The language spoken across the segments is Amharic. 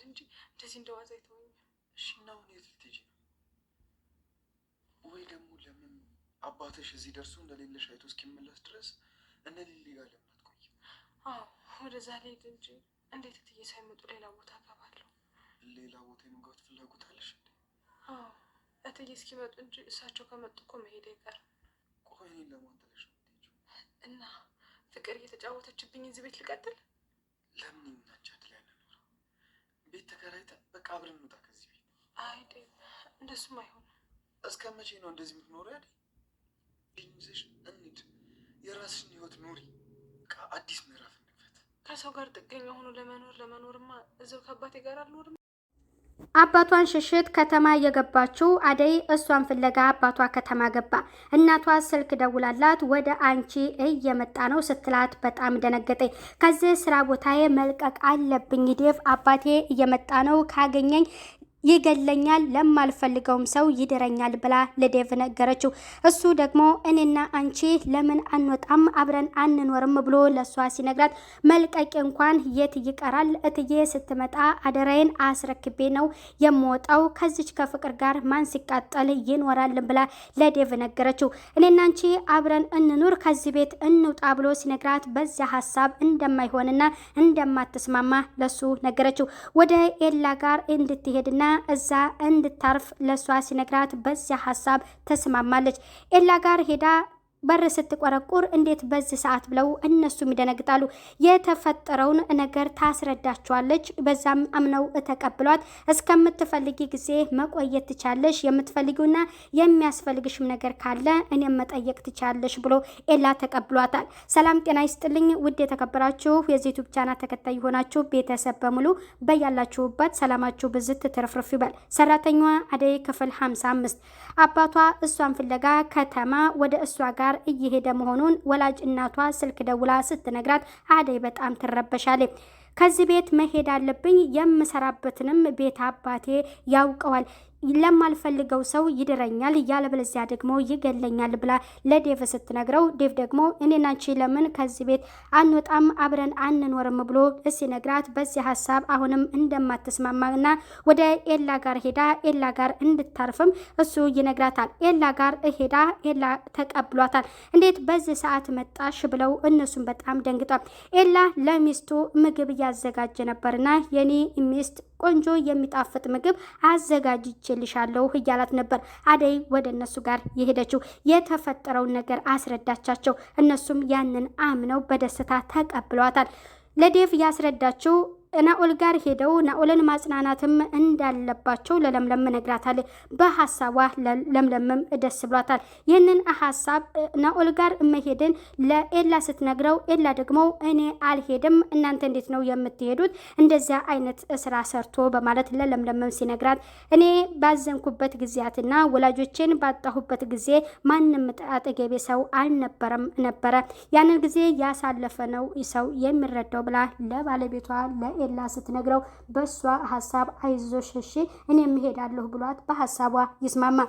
ይሆናል እንጂ እንደዚህ እንደዋዛ አይተወኝም። እሺ እና አሁን የት ልትሄጂ ነው? ወይ ደግሞ ለምን አባትሽ እዚህ ደርሶ እንደሌለሽ አይቶ እስኪመለስ ድረስ እንደሌለ ጋር ለምን አትቆይም? አዎ ወደዛ ልሄድ እንጂ እንዴት እትዬ ሳይመጡ ሌላ ቦታ እገባለሁ። ሌላ ቦታ የመግባት ፍላጎት አለሽ እንዴ? አዎ እትዬ እስኪመጡ እንጂ እሳቸው ከመጡ እኮ መሄድ አይቀርም። ቆይ እኔን ለማን ትለሽ ነው የምትሄጂው? እና ፍቅር እየተጫወተችብኝ እዚህ ቤት ልቀጥል ለምን ይምናቻል ቤት ተከራይተን በቃ አብረን እንውጣ ከዚህ ቤት። አይ እንደሱም አይሆንም። እስከ መቼ ነው እንደዚህ የምትኖሪው? አይደል ይዘሽ እንሂድ፣ የራስሽን ህይወት ኑሪ። አዲስ ምዕራፍ እንክፈት። ከሰው ጋር ጥገኛ ሆኖ ለመኖር ለመኖርማ እዛው ከአባቴ ጋር አልኖርም። አባቷን ሽሽት ከተማ እየገባችው አደይ እሷን ፍለጋ አባቷ ከተማ ገባ። እናቷ ስልክ ደውላላት ወደ አንቺ እየመጣ ነው ስትላት በጣም ደነገጠ። ከዚህ ስራ ቦታዬ መልቀቅ አለብኝ ዴፍ አባቴ እየመጣ ነው ካገኘኝ ይገለኛል ለማልፈልገውም ሰው ይድረኛል ብላ ለዴቭ ነገረችው። እሱ ደግሞ እኔና አንቺ ለምን አንወጣም አብረን አንኖርም ብሎ ለእሷ ሲነግራት መልቀቅ እንኳን የት ይቀራል እትዬ ስትመጣ አደራዬን አስረክቤ ነው የምወጣው። ከዚች ከፍቅር ጋር ማን ሲቃጠል ይኖራል ብላ ለዴቭ ነገረችው። እኔና አንቺ አብረን እንኑር ከዚህ ቤት እንውጣ ብሎ ሲነግራት በዚያ ሀሳብ እንደማይሆንና እንደማትስማማ ለሱ ነገረችው። ወደ ኤላ ጋር እንድትሄድና እዛ እንድታርፍ ለእሷ ሲነግራት በዚያ ሀሳብ ተስማማለች። ኤላ ጋር ሄዳ በር ስትቆረቁር እንዴት በዚህ ሰዓት ብለው እነሱም ይደነግጣሉ። የተፈጠረውን ነገር ታስረዳቸዋለች። በዛም አምነው ተቀብሏት እስከምትፈልጊ ጊዜ መቆየት ትቻለሽ፣ የምትፈልጊውና የሚያስፈልግሽም ነገር ካለ እኔም መጠየቅ ትቻለሽ ብሎ ኤላ ተቀብሏታል። ሰላም ጤና ይስጥልኝ ውድ የተከበራችሁ የዚህ ቻናል ተከታይ የሆናችሁ ቤተሰብ በሙሉ በያላችሁበት ሰላማችሁ ብዝት ትርፍርፍ ይበል። ሰራተኛዋ አደይ ክፍል 55 አባቷ እሷን ፍለጋ ከተማ ወደ እሷ ጋር ጋር እየሄደ መሆኑን ወላጅ እናቷ ስልክ ደውላ ስትነግራት አደይ በጣም ትረበሻለች። ከዚህ ቤት መሄድ አለብኝ፣ የምሰራበትንም ቤት አባቴ ያውቀዋል ለማልፈልገው ሰው ይድረኛል ያለበለዚያ ደግሞ ይገለኛል ብላ ለዴቭ ስትነግረው ዴቭ ደግሞ እኔና አንቺ ለምን ከዚህ ቤት አንወጣም አብረን አንኖርም ብሎ ሲነግራት በዚህ ሀሳብ አሁንም እንደማትስማማና ወደ ኤላ ጋር ሄዳ ኤላ ጋር እንድታርፍም እሱ ይነግራታል። ኤላ ጋር ሄዳ ኤላ ተቀብሏታል። እንዴት በዚህ ሰዓት መጣሽ ብለው እነሱም በጣም ደንግጧል። ኤላ ለሚስቱ ምግብ እያዘጋጀ ነበርና የኔ ሚስት ቆንጆ የሚጣፍጥ ምግብ አዘጋጅቼ አምጥቼልሻለሁ እያላት ነበር። አደይ ወደ እነሱ ጋር የሄደችው የተፈጠረውን ነገር አስረዳቻቸው። እነሱም ያንን አምነው በደስታ ተቀብለዋታል። ለዴቭ ያስረዳችው ናኦል ጋር ሄደው ናኦልን ማጽናናትም እንዳለባቸው ለለምለም ነግራታል። በሀሳቧ ለምለምም ደስ ብሏታል። ይህንን ሀሳብ ናኦል ጋር መሄድን ለኤላ ስትነግረው ኤላ ደግሞ እኔ አልሄድም፣ እናንተ እንዴት ነው የምትሄዱት? እንደዚያ አይነት ስራ ሰርቶ በማለት ለለምለምም ሲነግራት እኔ ባዘንኩበት ጊዜያትና ወላጆችን ባጣሁበት ጊዜ ማንም አጠገቤ ሰው አልነበረም ነበረ ያንን ጊዜ ያሳለፈ ነው ሰው የሚረዳው ብላ ለባለቤቷ ኤላ ስትነግረው በእሷ ሀሳብ አይዞሽ እሺ እኔም እሄዳለሁ ብሏት በሀሳቧ ይስማማል።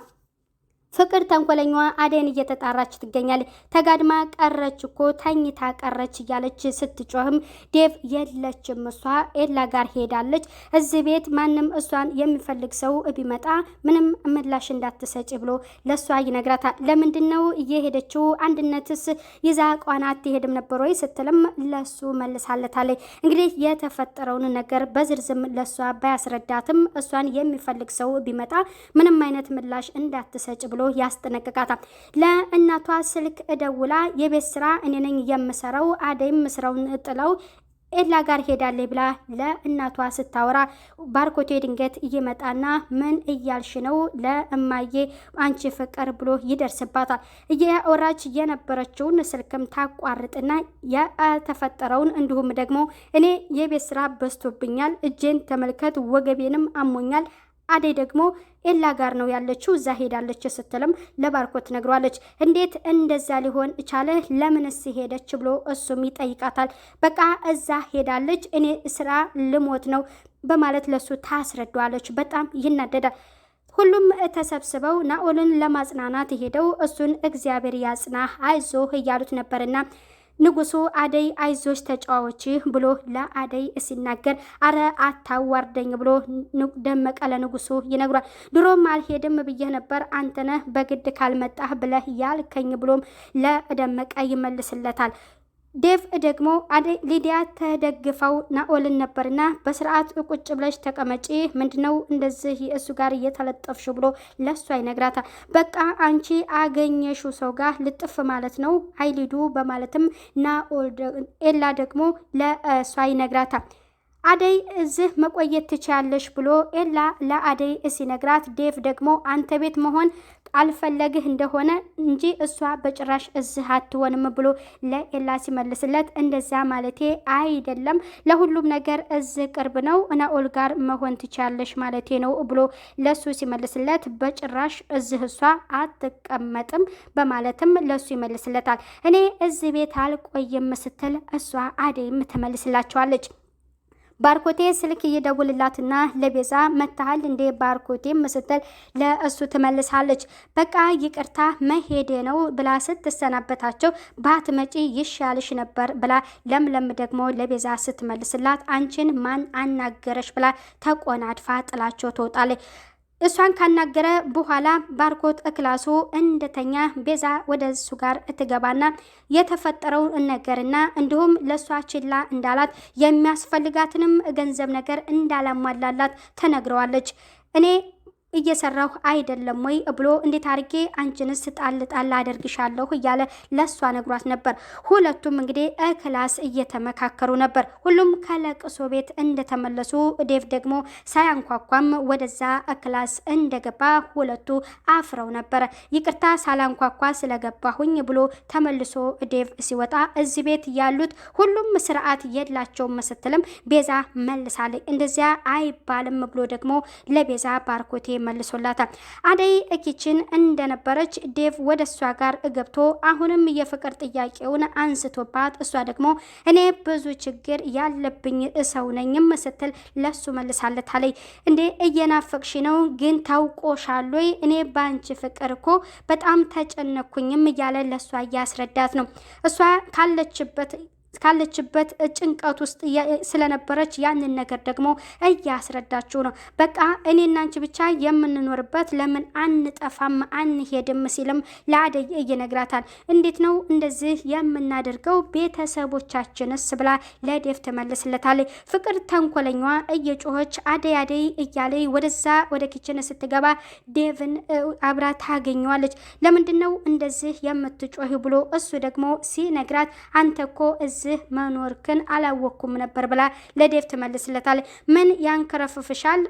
ፍቅር ተንኮለኛዋ አደይን እየተጣራች ትገኛለች። ተጋድማ ቀረች እኮ ተኝታ ቀረች እያለች ስትጮህም ዴቭ የለችም፣ እሷ ኤላ ጋር ሄዳለች። እዚህ ቤት ማንም እሷን የሚፈልግ ሰው ቢመጣ ምንም ምላሽ እንዳትሰጪ ብሎ ለእሷ ይነግራታል። ለምንድን ነው እየሄደችው? አንድነትስ ይዛ ቋና አትሄድም ነበር ወይ ስትልም ለሱ መልሳለታለች። እንግዲህ የተፈጠረውን ነገር በዝርዝም ለእሷ ባያስረዳትም እሷን የሚፈልግ ሰው ቢመጣ ምንም አይነት ምላሽ እንዳትሰጭ ብሎ ብሎ ያስጠነቅቃታል። ለእናቷ ስልክ እደውላ የቤት ስራ እኔ ነኝ የምሰራው፣ አደይም ስራውን ጥለው ኤላ ጋር ሄዳለች ብላ ለእናቷ ስታወራ ባርኮቴ ድንገት እየመጣና ምን እያልሽ ነው ለእማዬ አንቺ ፍቅር ብሎ ይደርስባታል። እያወራች የነበረችውን ስልክም ታቋርጥና የተፈጠረውን እንዲሁም ደግሞ እኔ የቤት ስራ በዝቶብኛል፣ እጄን ተመልከት፣ ወገቤንም አሞኛል አደይ ደግሞ ኤላ ጋር ነው ያለችው፣ እዛ ሄዳለች ስትልም ለባርኮት ነግሯለች። እንዴት እንደዛ ሊሆን ቻለ? ለምንስ ሄደች ብሎ እሱም ይጠይቃታል። በቃ እዛ ሄዳለች፣ እኔ ስራ ልሞት ነው በማለት ለሱ ታስረዷለች። በጣም ይናደዳል። ሁሉም ተሰብስበው ናኦልን ለማጽናናት ሄደው እሱን እግዚአብሔር ያጽናህ አይዞህ እያሉት ነበርና ንጉሱ አደይ አይዞች ተጫዋች ብሎ ለአደይ ሲናገር አረ አታዋርደኝ ብሎ ደመቀ ለንጉሱ ይነግሯል። ድሮም አልሄድም ብዬ ነበር አንተነህ በግድ ካልመጣህ ብለህ ያልከኝ ብሎም ለደመቀ ይመልስለታል። ዴቭ ደግሞ ሊዲያ ተደግፈው ናኦልን ነበርና በስርዓት ቁጭ ብለሽ ተቀመጪ፣ ምንድነው እንደዚህ እሱ ጋር እየተለጠፍሽ ብሎ ለሷ ይነግራታል። በቃ አንቺ አገኘሹ ሰው ጋር ልጥፍ ማለት ነው አይሊዱ በማለትም ናኦል ኤላ ደግሞ ለእሷ ይነግራታል። አደይ እዚህ መቆየት ትችያለሽ ብሎ ኤላ ለአደይ ሲነግራት ዴቭ ደግሞ አንተ ቤት መሆን አልፈለግህ እንደሆነ እንጂ እሷ በጭራሽ እዚህ አትሆንም ብሎ ለኤላ ሲመልስለት እንደዛ ማለቴ አይደለም፣ ለሁሉም ነገር እዚህ ቅርብ ነው ናኦል ጋር መሆን ትቻለሽ ማለቴ ነው ብሎ ለሱ ሲመልስለት በጭራሽ እዚህ እሷ አትቀመጥም በማለትም ለሱ ይመልስለታል። እኔ እዚህ ቤት አልቆይም ስትል እሷ አደይም ትመልስላቸዋለች። ባርኮቴ ስልክ እየደውልላትና ለቤዛ መታሃል እንዴ ባርኮቴ ምስትል ለእሱ ትመልሳለች። በቃ ይቅርታ መሄዴ ነው ብላ ስትሰናበታቸው ባትመጪ ይሻልሽ ነበር ብላ ለምለም ደግሞ ለቤዛ ስትመልስላት አንቺን ማን አናገረሽ ብላ ተቆናድፋ ጥላቸው ትወጣለች። እሷን ካናገረ በኋላ ባርኮት እክላሱ እንደተኛ ቤዛ ወደ እሱ ጋር እትገባና የተፈጠረው ነገርና እንዲሁም ለእሷ ችላ እንዳላት የሚያስፈልጋትንም ገንዘብ ነገር እንዳላሟላላት ተነግረዋለች። እኔ እየሰራሁ አይደለም ወይ ብሎ እንዴት አድርጌ አንቺንስ ጣል ጣል አደርግሻለሁ እያለ ለሷ ነግሯት ነበር። ሁለቱም እንግዲህ ክላስ እየተመካከሩ ነበር። ሁሉም ከለቅሶ ቤት እንደተመለሱ ዴቭ ደግሞ ሳያንኳኳም ወደዛ ክላስ እንደገባ ሁለቱ አፍረው ነበር ይቅርታ ሳላንኳኳ ስለገባሁኝ ብሎ ተመልሶ ዴቭ ሲወጣ እዚህ ቤት ያሉት ሁሉም ስርዓት የላቸውም መስትልም ቤዛ መልሳለች። እንደዚያ አይባልም ብሎ ደግሞ ለቤዛ ባርኮቴ መልሶላታል። አደይ እኪችን እንደነበረች ዴቭ ወደ እሷ ጋር ገብቶ አሁንም የፍቅር ጥያቄውን አንስቶባት እሷ ደግሞ እኔ ብዙ ችግር ያለብኝ ሰው ነኝም ስትል ለሱ መልሳለት አለይ እንዴ እየናፈቅሽ ነው ግን ታውቆሻል ወይ እኔ ባንቺ ፍቅር እኮ በጣም ተጨነኩኝም እያለ ለእሷ እያስረዳት ነው እሷ ካለችበት ካለችበት ጭንቀት ውስጥ ስለነበረች ያንን ነገር ደግሞ እያስረዳችው ነው። በቃ እኔና አንቺ ብቻ የምንኖርበት ለምን አንጠፋም አንሄድም ሲልም ለአደይ እይነግራታል። እንዴት ነው እንደዚህ የምናደርገው ቤተሰቦቻችንስ ብላ ለዴፍ ትመልስለታለች። ፍቅር ተንኮለኛዋ እየጮኸች አደይ አደይ እያለ ወደዛ ወደ ኪችን ስትገባ ዴቭን አብራ ታገኘዋለች። ለምንድን ነው እንደዚህ የምትጮህ ብሎ እሱ ደግሞ ሲነግራት አንተ እኮ እዚህ መኖርክን አላወቅኩም ነበር ብላ ለዴቭ ትመልስለታል። ምን ያንከረፍፍሻል?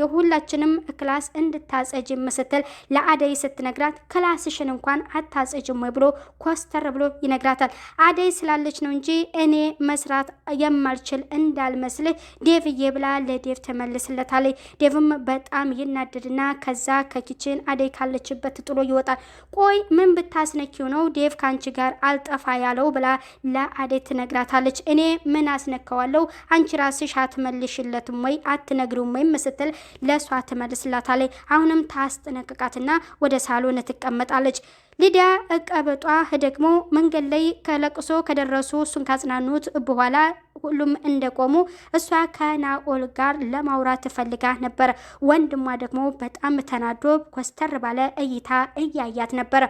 የሁላችንም ክላስ እንድታጸጅም ስትል ለአደይ ስትነግራት ክላስሽን እንኳን አታጸጅም ወይ ብሎ ኮስተር ብሎ ይነግራታል። አደይ ስላለች ነው እንጂ እኔ መስራት የማልችል እንዳልመስልህ ዴቭዬ ብላ ለዴቭ ትመልስለታል ዴቭም በጣም ይናደድና ከዛ ከኪችን አደይ ካለችበት ጥሎ ይወጣል። ቆይ ምን ብታስነኪው ነው ዴቭ ከአንቺ ጋር አልጠፋ ያለው ብላ ለአደይ ትነግራታለች። እኔ ምን አስነካዋለሁ? አንቺ ራስሽ አትመልሽለትም ወይ አትነግሩም ወይም ስትል ለእሷ ትመልስላታለች። አሁንም ታስጠነቅቃትና ወደ ሳሎን ትቀመጣለች። ሊዲያ እቀበጧ ደግሞ መንገድ ላይ ከለቅሶ ከደረሱ እሱን ካጽናኑት በኋላ ሁሉም እንደቆሙ እሷ ከናኦል ጋር ለማውራት ትፈልጋ ነበር። ወንድሟ ደግሞ በጣም ተናዶ ኮስተር ባለ እይታ እያያት ነበር።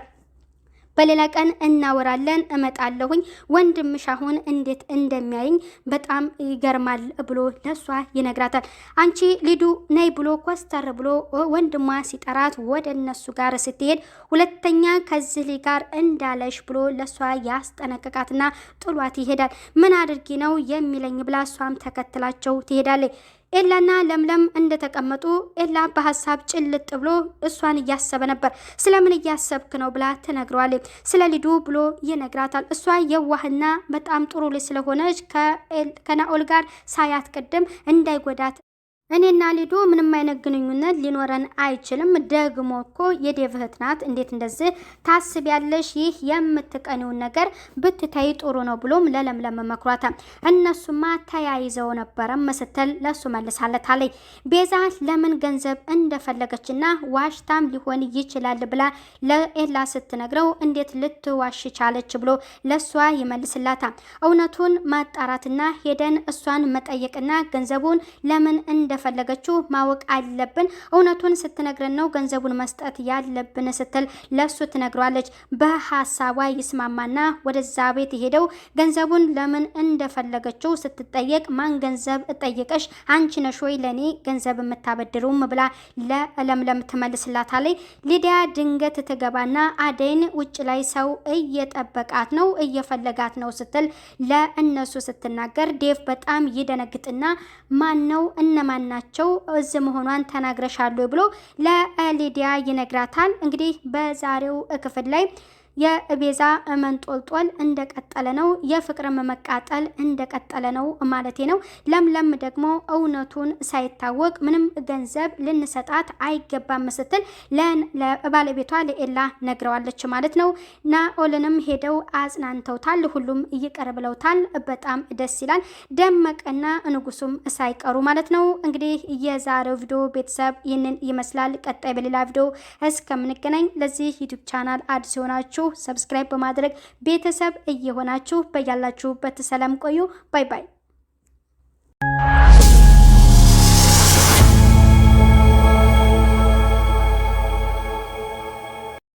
በሌላ ቀን እናወራለን፣ እመጣለሁኝ ወንድምሽ አሁን እንዴት እንደሚያይኝ በጣም ይገርማል ብሎ ለሷ ይነግራታል። አንቺ ሊዱ ነይ ብሎ ኮስተር ብሎ ወንድሟ ሲጠራት ወደ እነሱ ጋር ስትሄድ ሁለተኛ ከዚህ ልጅ ጋር እንዳለሽ ብሎ ለሷ ያስጠነቅቃትና ጥሏት ይሄዳል። ምን አድርጊ ነው የሚለኝ ብላ እሷም ተከትላቸው ትሄዳለች። ኤላና ለምለም እንደተቀመጡ ኤላ በሀሳብ ጭልጥ ብሎ እሷን እያሰበ ነበር። ስለምን እያሰብክ ነው ብላ ትነግረዋለች። ስለ ሊዱ ብሎ ይነግራታል። እሷ የዋህና በጣም ጥሩ ልጅ ስለሆነች ከናኦል ጋር ሳያት ቅድም እንዳይጎዳት እኔና ሊዱ ምንም አይነት ግንኙነት ሊኖረን አይችልም። ደግሞ እኮ የዴቭ እህት ናት። እንዴት እንደዚህ ታስቢያለሽ? ይህ የምትቀኒውን ነገር ብትታይ ጥሩ ነው ብሎም ለለምለም መክሯታ፣ እነሱማ ተያይዘው ነበረ ስትል ለሱ መልሳለት አለኝ። ቤዛ ለምን ገንዘብ እንደፈለገችና ዋሽታም ሊሆን ይችላል ብላ ለኤላ ስትነግረው እንዴት ልትዋሽ ቻለች ብሎ ለሷ ይመልስላታ። እውነቱን ማጣራትና ሄደን እሷን መጠየቅና ገንዘቡን ለምን እንደ እንደፈለገችው ማወቅ አለብን። እውነቱን ስትነግረን ነው ገንዘቡን መስጠት ያለብን ስትል ለሱ ትነግሯለች። በሀሳቧ ይስማማና ወደዛ ቤት ሄደው ገንዘቡን ለምን እንደፈለገችው ስትጠየቅ ማን ገንዘብ እጠይቀሽ አንቺ ነሽ ወይ ለእኔ ገንዘብ የምታበድሩም? ብላ ለለምለም ትመልስላታለች። ሊዲያ ድንገት ትገባና አደይን ውጭ ላይ ሰው እየጠበቃት ነው እየፈለጋት ነው ስትል ለእነሱ ስትናገር ዴቭ በጣም ይደነግጥና ማን ነው እነማን ናቸው እዝ መሆኗን ተናግረሻሉ ብሎ ለሊዲያ ይነግራታል። እንግዲህ በዛሬው ክፍል ላይ የቤዛ መንጦልጦል እንደቀጠለ ነው። የፍቅር መቃጠል እንደቀጠለ ነው ማለቴ ነው። ለምለም ደግሞ እውነቱን ሳይታወቅ ምንም ገንዘብ ልንሰጣት አይገባም ስትል ለባለቤቷ ለኤላ ነግረዋለች ማለት ነው። ናኦልንም ሄደው አጽናንተውታል። ሁሉም ይቅር ብለውታል። በጣም ደስ ይላል። ደመቀና ንጉሱም ሳይቀሩ ማለት ነው። እንግዲህ የዛሬው ቪዲዮ ቤተሰብ ይህንን ይመስላል። ቀጣይ በሌላ ቪዲዮ እስከምንገናኝ ለዚህ ዩቱብ ቻናል አዲስ ሲሆናችሁ ሰብስክራይብ በማድረግ ቤተሰብ እየሆናችሁ በያላችሁበት ሰላም ቆዩ። ባይ ባይ።